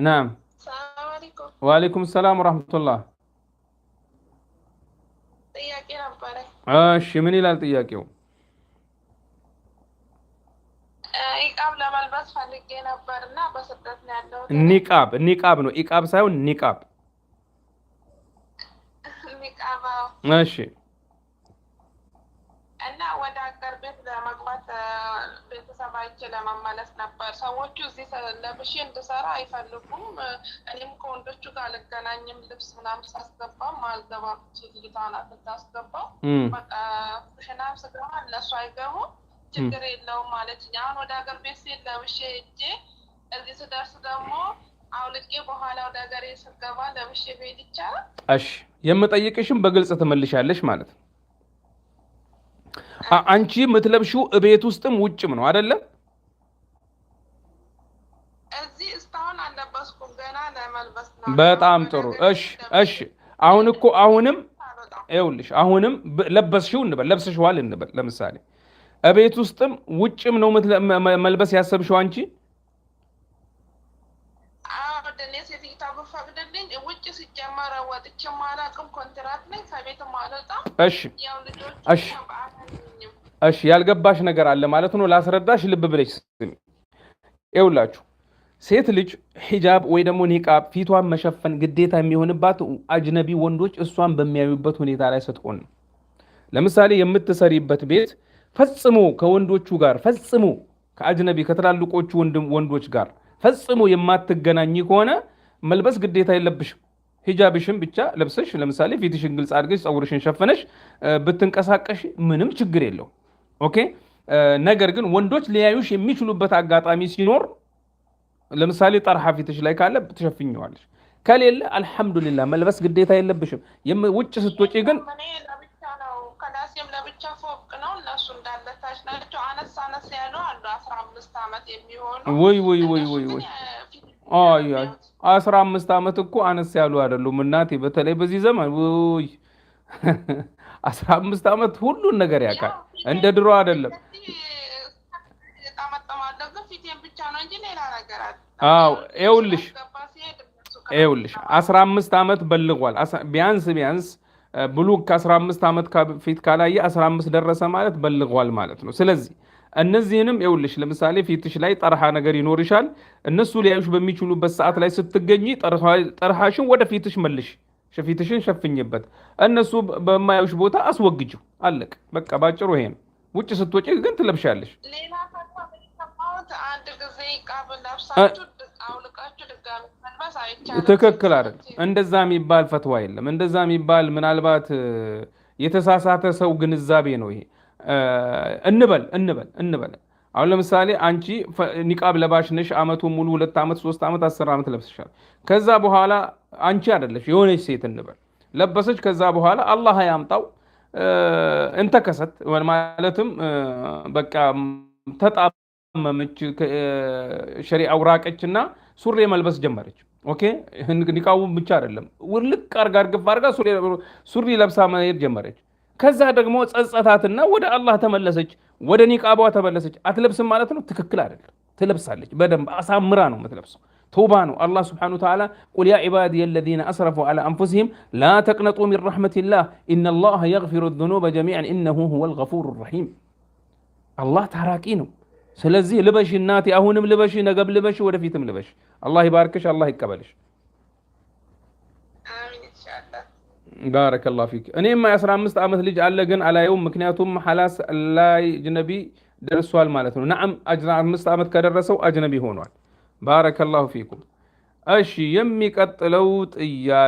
نعم وعليكم السلام ورحمة الله طياكي نبري عاش من إلى طياكي آه، اي قابل ما البس فالكي نبري نعم بس اتتني عدو نيكاب نيكاب نو اي قاب سايو نيكاب نيكاب عاشي آه. ወደ ሀገር ቤት ለመግባት ቤተሰብ አይቼ ለመመለስ ነበር። ሰዎቹ እዚህ ለብሼ እንድሰራ አይፈልጉም። እኔም ከወንዶቹ ጋር አልገናኝም። ልብስ ምናምን ሳስገባም አልገባም። ልጅቷ ስታስገባው ሽናም ስገባ እነሱ አይገቡም። ችግር የለውም ማለት አሁን ወደ ሀገር ቤት ሲል ለብሼ እጄ እዚህ ስደርስ ደግሞ አውልቄ በኋላ ወደ ሀገሬ ስገባ ለብሼ ቤት ይቻላል። እሺ፣ የምጠይቅሽም በግልጽ ትመልሻለሽ ማለት ነው አንቺ የምትለብሺው እቤት ውስጥም ውጭም ነው አይደለም? እዚህ እስካሁን አልለበስኩም፣ ገና ለመልበስ ነው። በጣም ጥሩ። እሺ፣ እሺ። አሁን እኮ አሁንም ይኸውልሽ፣ አሁንም ለበስሽው እንበል፣ ለብስሽዋል እንበል። ለምሳሌ እቤት ውስጥም ውጭም ነው መልበስ ያሰብሽው አንቺ? ውጭ ሲጀመረ ወጥቼ አላውቅም። ኮንትራት ነኝ፣ እሺ እሺ ያልገባሽ ነገር አለ ማለት ነው። ላስረዳሽ ልብ ብለሽ ስሚ። ይውላችሁ ሴት ልጅ ሂጃብ ወይ ደግሞ ኒቃብ ፊቷን መሸፈን ግዴታ የሚሆንባት አጅነቢ ወንዶች እሷን በሚያዩበት ሁኔታ ላይ ስትሆን ለምሳሌ የምትሰሪበት ቤት ፈጽሞ ከወንዶቹ ጋር ፈጽሞ ከአጅነቢ ከትላልቆቹ ወንዶች ጋር ፈጽሞ የማትገናኝ ከሆነ መልበስ ግዴታ የለብሽም። ሂጃብሽን ብቻ ለብሰሽ ለምሳሌ ፊትሽን ግልጽ አድርገሽ ፀጉርሽን ሸፈነሽ ብትንቀሳቀሽ ምንም ችግር የለው። ኦኬ። ነገር ግን ወንዶች ሊያዩሽ የሚችሉበት አጋጣሚ ሲኖር ለምሳሌ ጠርሃ ፊትሽ ላይ ካለ ትሸፍኘዋለሽ፣ ከሌለ አልሐምዱሊላ መልበስ ግዴታ የለብሽም። ውጭ ስትወጪ ግን ከላሴም ለብቻ ፎቅ ነው። እነሱ ናቸው። አነስ አነስ ያሉ አሉ አስራ አምስት ዓመት የሚሆኑ ወይ ወይ ወይ ወይ ወይ አይ አስራ አምስት እኮ አነስ ያሉ አይደሉም እናቴ፣ በተለይ በዚህ ዘመን ውይ አስራ አምስት ዓመት ሁሉን ነገር ያውቃል። እንደ ድሮ አይደለም። አዎ ይኸውልሽ ይኸውልሽ አስራ አምስት ዓመት በልጓል። ቢያንስ ቢያንስ ብሉክ ከአስራ አምስት ዓመት ፊት ካላየ አስራ አምስት ደረሰ ማለት በልጓል ማለት ነው። ስለዚህ እነዚህንም ይኸውልሽ ለምሳሌ ፊትሽ ላይ ጠርሃ ነገር ይኖርሻል። እነሱ ሊያዩሽ በሚችሉበት ሰዓት ላይ ስትገኝ ጠርሃሽን ወደ ፊትሽ መልሽ። ፊትሽን ሸፍኝበት፣ እነሱ በማያዩሽ ቦታ አስወግጅው። አለቅ በቃ ባጭሩ ይሄ ነው። ውጭ ስትወጪ ግን ትለብሻለሽ። ትክክል አይደል? እንደዛ የሚባል ፈትዋ የለም። እንደዛ የሚባል ምናልባት የተሳሳተ ሰው ግንዛቤ ነው ይሄ። እንበል እንበል እንበል አሁን ለምሳሌ አንቺ ኒቃብ ለባሽ ነሽ። አመቱ ሙሉ ሁለት ዓመት ሶስት ዓመት አስር ዓመት ለብስሻል። ከዛ በኋላ አንቺ አደለች የሆነች ሴት እንበል ለበሰች። ከዛ በኋላ አላህ ያምጣው እንተከሰት ማለትም በቃ ተጣመመች፣ ሸሪአው ራቀች እና ሱሪ መልበስ ጀመረች። ኦኬ ብቻ አይደለም ውልቅ አርጋ እርግፍ አርጋ ሱሪ ለብሳ መሄድ ጀመረች። ከዛ ደግሞ ጸጸታትና ወደ አላህ ተመለሰች፣ ወደ ኒቃቧ ተመለሰች። አትለብስም ማለት ነው? ትክክል አይደለም። ትለብሳለች። በደንብ አሳምራ ነው የምትለብሰው። توبة الله سبحانه وتعالى قل يا عبادي الذين أسرفوا على أنفسهم لا تقنطوا من رحمة الله إن الله يغفر الذنوب جميعا إنه هو الغفور الرحيم الله تراكينه سلزي لبش الناتي أهون لبش نقب لبش ولا فيتم لبش الله يباركش الله يقبلش بارك الله فيك أنا ما أسرع مستعمل لجأ لقن على يوم مكنياتهم حلاس الله جنبي درسوا المالتون نعم أجرع مستعمل كدرسوا أجنبي هونوان ባረከላሁ ፊኩም። እሺ የሚቀጥለው ጥያቄ